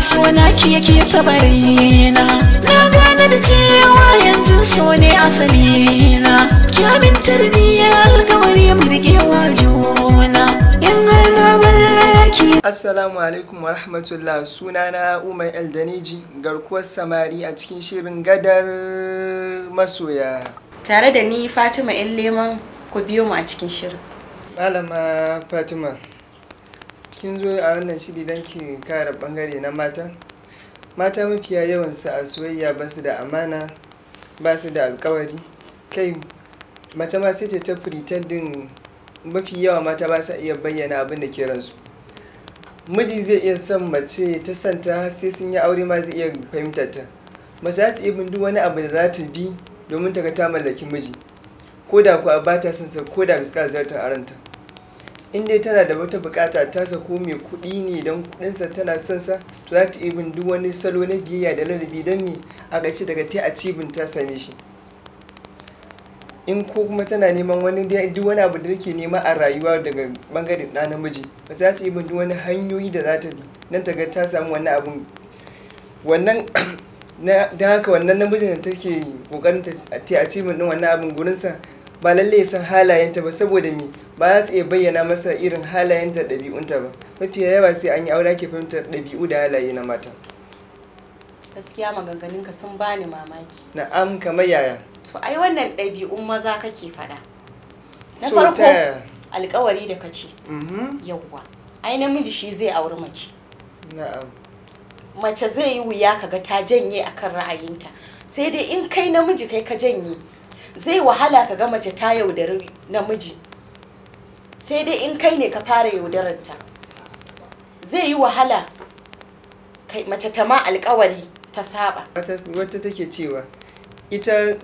suna ki yake tabarina na gane da cewa yanzu so ne asalina ki aminta ya ni alkawari mu wa juna in har na bar assalamu alaikum wa rahmatullah na umar eldaniji garkuwar samari a cikin shirin gadar masoya tare da ni fatima yan leman ku biyo mu a cikin shirin malama fatima kin zo a wannan shiri don ki kare bangare na mata mata mafiya yawan su a soyayya ba su da amana ba su da alkawari kai mace ma sai ta pretending mafi yawa mata ba su iya bayyana abin da ke ransu miji zai iya son mace ta santa sai sun yi aure ma zai iya fahimtar ta mace za ta iya duk wani abu da za ta bi domin ta ga ta mallaki miji ko da kuwa ba ta son sa ko da bisa zartar aranta in dai tana da wata bukata ta sako mai kuɗi ne don kuɗinsa tana son sa to za ta ibin duk wani salo na biyayya da ladabi don me a gashi daga ta a cibin ta same shi in ko kuma tana neman wani duk wani abu da take nema a rayuwa daga bangare ɗa namiji ba za ta ibin duk wani hanyoyi da za ta bi don ta ga ta samu wani abun wannan na da haka wannan namijin da take kokarin ta a cibin din wannan abin gurinsa ba lalle ya san halayenta ba saboda me ba za ta iya bayyana masa irin halayenta da ɗabi'unta ba mafi yawa sai an yi aure ake fahimtar ɗabi'u da halaye na mata gaskiya maganganun ka sun bani mamaki am kamar yaya to ai wannan ɗabi'un maza kake faɗa na farko alkawari da kace mm-hmm. yawwa ai namiji shi zai auri mace na'am mace zai yi wuya kaga ta janye akan ra'ayinta sai dai in kai namiji kai ka janye zai wahala ka ga mace ta yaudari namiji sai dai in kai ne ka fara yaudarar ta zai yi wahala kai mace ta ma alkawari ta saba wata take cewa ita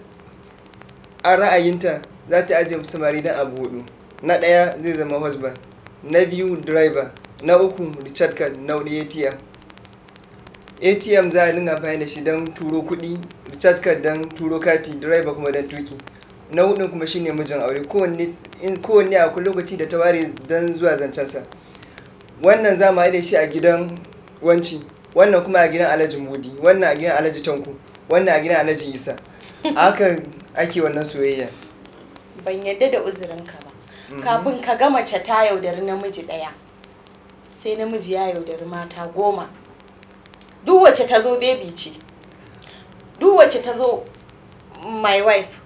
a ra'ayinta za ta ajiye samari don abu hudu na ɗaya zai zama husband na biyu driver na uku richard kan na wani atm atm za a dinga amfani da shi don turo kuɗi recharge card don turo kati driver kuma don tuki na hudun kuma shine mijin aure kowanne a lokaci da ta ware don zuwa zancensa wannan za mu haɗe shi a gidan wanci wannan kuma a gidan alhaji mudi wannan a gidan alhaji tanku wannan a gidan alhaji isa haka ake wannan soyayya ban yadda da uzurin ka ba mm-hmm. kafin ka ga mace ta yaudari namiji ɗaya sai namiji ya yaudari mata goma duk wacce ta zo baby ce duk wacce ta zo my wife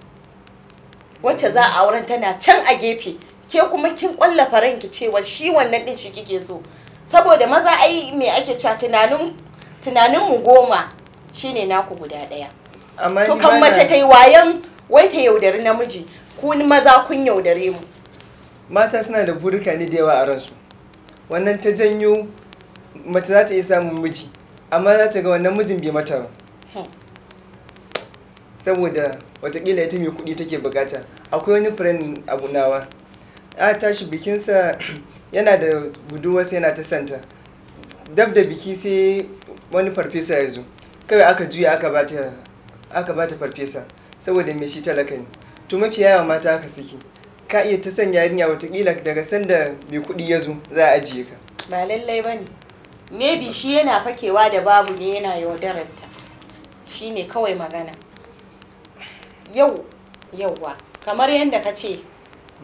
wacce za a auren tana can a gefe ke kuma kin kwallafa ranki cewa shi wannan din shi kike so saboda maza ai me ake cewa tunanin tunanin mu goma shine naku guda daya to kan mace tai wayan wai ta yaudari namiji ku maza kun yaudare mu mata suna da burika ne da yawa a ransu wannan ta janyo mace za ta iya samun miji amma za ta ga wannan mijin bai mata ba saboda watakila ita mai kuɗi take bukata akwai wani friend abu nawa a tashi bikinsa yana da sai yana ta santa dab da biki sai wani farfesa ya zo kawai aka juya aka bata farfesa saboda mai shi talaka ne to mafi yawa mata haka suke ka iya ta sanya yarinya watakila daga sanda mai kuɗi ya zo za a ajiye ka ba lallai ba ne maybe shi yana fakewa da babu ne yana yaudararta shi ne kawai magana yau yauwa kamar yadda ka ce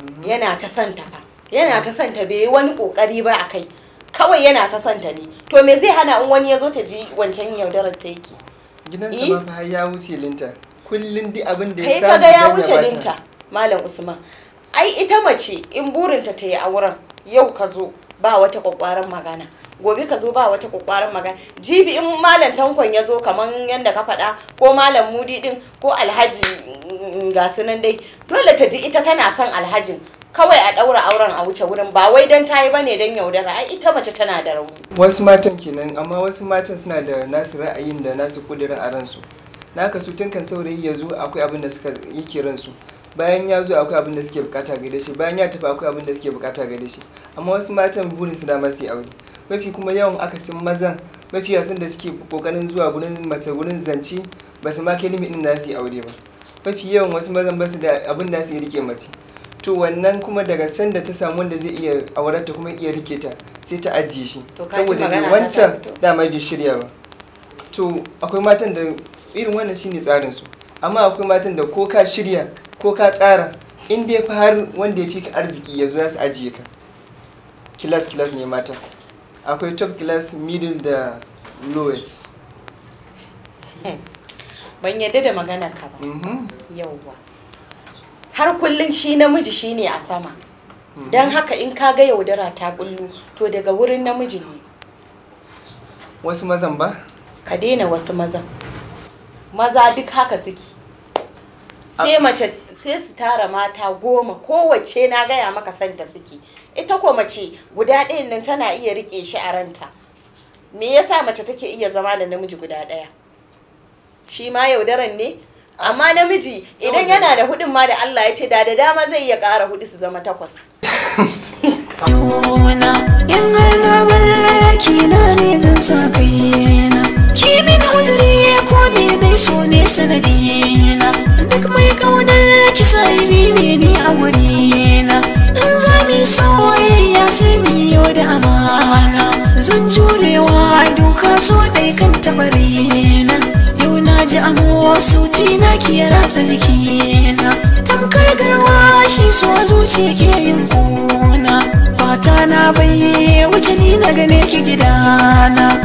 mm-hmm. yana ta santa fa yana ta santa bai yi wani kokari ba a kai kawai yana ta santa ne to me zai hana in wani ya zo ta ji wancan yaudarar ta yake sa ma eh? fa ya wuce linta kullun di abin da ya samu kaga ya wuce linta malam usman ai ita mace in burinta ta yi auren yau ka zo ba wata kwakwaran magana gobe ka zo ba wata kokarin magana jibi in malam tankon ya zo kamar yadda ka faɗa ko malam mudi din ko alhaji mm, ga nan dai dole ta ji ita tana son alhajin kawai a ɗaura auren a wuce wurin ba wai don tayi bane don yaudara ai ita mace tana da rauni wasu matan kenan amma wasu matan suna da nasu ra'ayin da nasu kudirin a ransu naka su tun kan saurayi ya zo akwai abin da suka yake ransu bayan ya zo akwai abin da suke bukata gare shi bayan ya tafi akwai abin da suke bukata gare shi amma wasu matan burin su da masu yi aure mafi kuma yawan akasin mazan mafi yasan da suke kokarin zuwa gurin mace gurin zance ba su ma a limitin da su yi aure ba mafi yawan wasu mazan ba su da abin da su yi rike mace to wannan kuma daga sanda ta samu wanda zai iya aurar ta kuma iya rike ta sai ta ajiye shi saboda ne wancan dama bai shirya ba to akwai matan da irin wannan shine tsarin su amma akwai matan da ko ka shirya ko ka tsara in dai fa har wanda ya fi ka arziki ya zo ya su ajiye ka kilas kilas ne mata akwai top class middle da lowest ban yadda da magana ka ba mhm. yauwa har kullum shi namiji shi ne a sama mhm. don haka in ka ga yaudara ta kullu to daga wurin namiji ne wasu mazan ba ka daina wasu mazan maza duk haka suke sai mace sai su tara mata goma kowace na gaya maka santa suke ita ko mace guda ɗayan nan tana iya rike shi a ranta me yasa mace take iya zama da namiji guda ɗaya shi ma yaudaran ne amma namiji idan yana da hudun ma da Allah ya ce da da dama zai iya ƙara hudu su zama takwas Kimin huzuri ko ne na iso ne sanadiyena duk mai kaunar ki sami ne ni a wurina na in za mu soyayya sai mu da amana zan jurewa duka so dai kan tabari yau na ji amo sauti na ki ya ratsa jiki Tamkar garwa shi so zuciya ke yin kuna fata na bai wuce ni na gane ki gidana